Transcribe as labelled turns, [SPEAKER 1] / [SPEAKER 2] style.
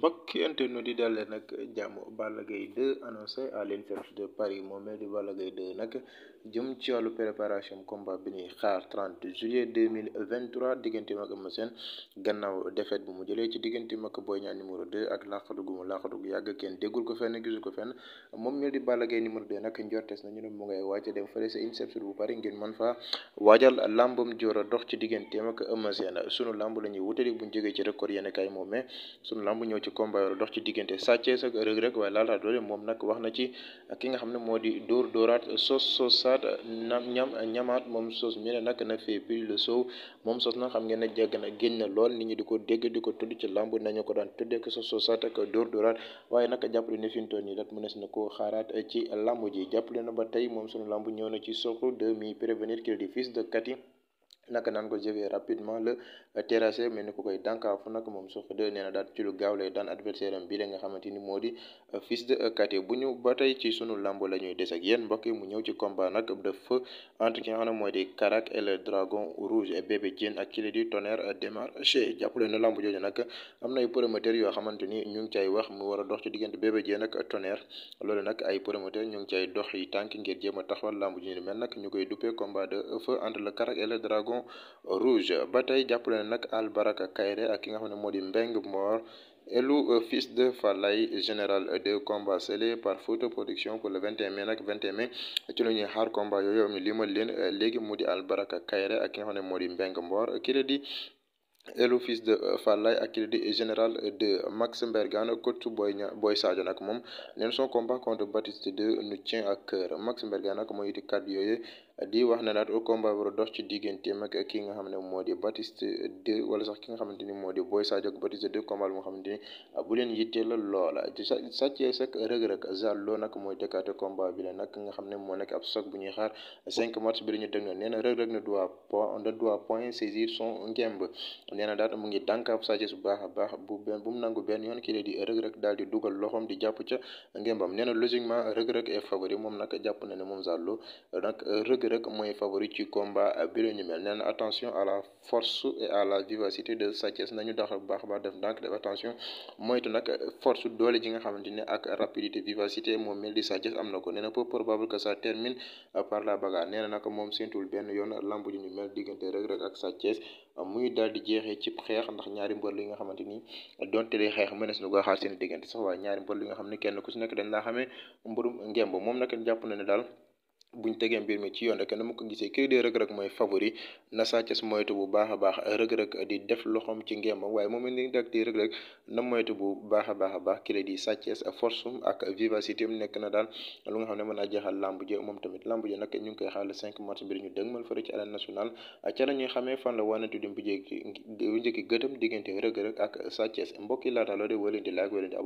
[SPEAKER 1] mbokki internet di dalee nag jàmm Balla Gaye 2 annoncé à l'INSEP de Paris ci wàllu préparation combat bi ñuy xaar 30 juillet 2023 diggante mag Eumeu Sène gannaaw défaite bu mu jëlee ci diggante mag Boy Niang numéro 2 ak laqatu gu mu laqatu gu yàgg kenn déggul ko fenn gisul ko fenn moom ñu di Balla Gaye numéro 2 nag njortes nañu ne mu ngay waaj dem fële sa INSEP bu Paris ngir mën faa waajal lambam joor dox ci diggante mag Eumeu Sène sunu lamb la ñuy wutali bu ñu jógee ci record yenn kaay moomee sunu lamb ñëw ci ci combat yor dox ci diggante Sathies ak Reug Reug waaye laata doole moom nag wax na ci ki nga xam ne moo di dóor dooraat sos sosaat nam ñam ñamaat moom sos mi ne nag na fee prix le sow moom sos xam ngeen ne jàgg na génn lool nit ñi di ko dégg di ko tudd ci làmb nañu ko daan tuddee ko sos sosaat ak dóor dóoraat waaye nag jàppale ne fi mu toll nii dat mënees na koo xaaraat ci làmb ji jàppale na ba tey moom suñu làmb ñëw na ci soxla de mi prévenir qu'il di nag naan ko je vais rapidement la euh, terrasser mais ni ko koy dànkaafu nag moom Sokh de nee daal ci lu gaaw lay daan adversaire am nga xamante ni moo di euh, Fils de euh, Katy bu ba tey ci sunu lamb la ñuy des yéen mbokk yi mu ñëw ci combat nag de feu entre ki nga xam ne mooy di Karak et le Dragon Rouge et Bébé Diène ak kii la di Tonnerre Démarché jàppale na lamb jooju nag am na ay promoteurs yoo xamante ni ñu ngi cay wax mu war a dox ci diggante Bébé Diène ak Tonnerre loolu nag ay promoteurs ñu ngi cay dox yi tànk ngir jéem a taxawal lamb ji ñu mel nag ñu koy duppee combat de feu entre le Karak et Dragon Lion Rouge ba tey jàppale na nag Al Baraka Kairé ak ki nga xam ne moo di Mbengue Mor élu euh, fils de Falaye général de combat scellé par Fouta Production pour le 21 mai nag 21 mai ci la ñuy xaar combat yooyu ñu limal leen euh, léegi mu di Al Baraka Kairé ak ki nga xam ne moo di Mbengue Mor ki la di élu fils de euh, Falaye ak ki général de Max Mbergane coach Boy ña Boy Sadio nag moom neen son combat contre Baptiste 2 nous tient à Max Mbergane nag mooy iti kàddu yooyu di wax na daat combat war a dox ci digganteem ak ki nga xam ne moo di Batiste 2 wala sax ki nga xamante ni moo di Boy Sadio ak Batiste 2 combat bu nga xamante ni ah, bu leen yittee la loola Sa Thiès ak Reug Reug Zallo nag bi la nag nga xam ne moo nekk ab soog bu ñuy xaar 5 mars bi la ñu nee na Reug Reug ne doit point ne doit point saisir son ngemb nee na daat mu ngi dànkaab Sa Thiès bu baax a baax bu benn bu mu nangu benn yoon kii la di Reug Reug daal di dugal loxoom di jàpp ca ngembam nee na logiquement Reug Reug est moom nag jàpp na ne moom Zallo nag Reug rek mooy favori ci combat bi la ñu mel attention à la force et à la vivacité de Sa Thiès nañu dax bu baax a baax def ndànk def attention moytu nag force doole ji nga xamante ne ak rapidité vivacité moom mel di Sa Thiès am na ko nee na peu probable que ça termine a la a nee na nag moom séentul benn yoon lamb ji ñu mel diggante Reug Reug ak Sa Thiès muy daal di jeexee ci xeex ndax ñaari mbër li nga xamante ni donte day xeex mënees na ko xaar seen diggante sax nga xam ne kenn ku ci nekk dañ laa xamee mbërum ngemb moom nag jàpp na ne daal bu buñ tegee mbir mi ci yoon rek na mu ko gisee kii di rëg-rëg mooy favori na Sa Thiès moytu bu baax a baax rëg-rëg di def loxoom ci ngémbam waaye moom ni dak di rëg na moytu bu baax a baax baax kii di Sa Thiès force ak vivacité am nekk na daal lu nga xam ne mën naa jeexal lamb moom tamit lamb ji nag ñu ngi koy xaar le 5 mars bi ñu dëgmal fële ci arène nationale ca la ñuy xamee fan la wanatu di bu njëkki gëtëm diggante rëg-rëg ak Sa Thiès mbokki laata loo de wala di like wala di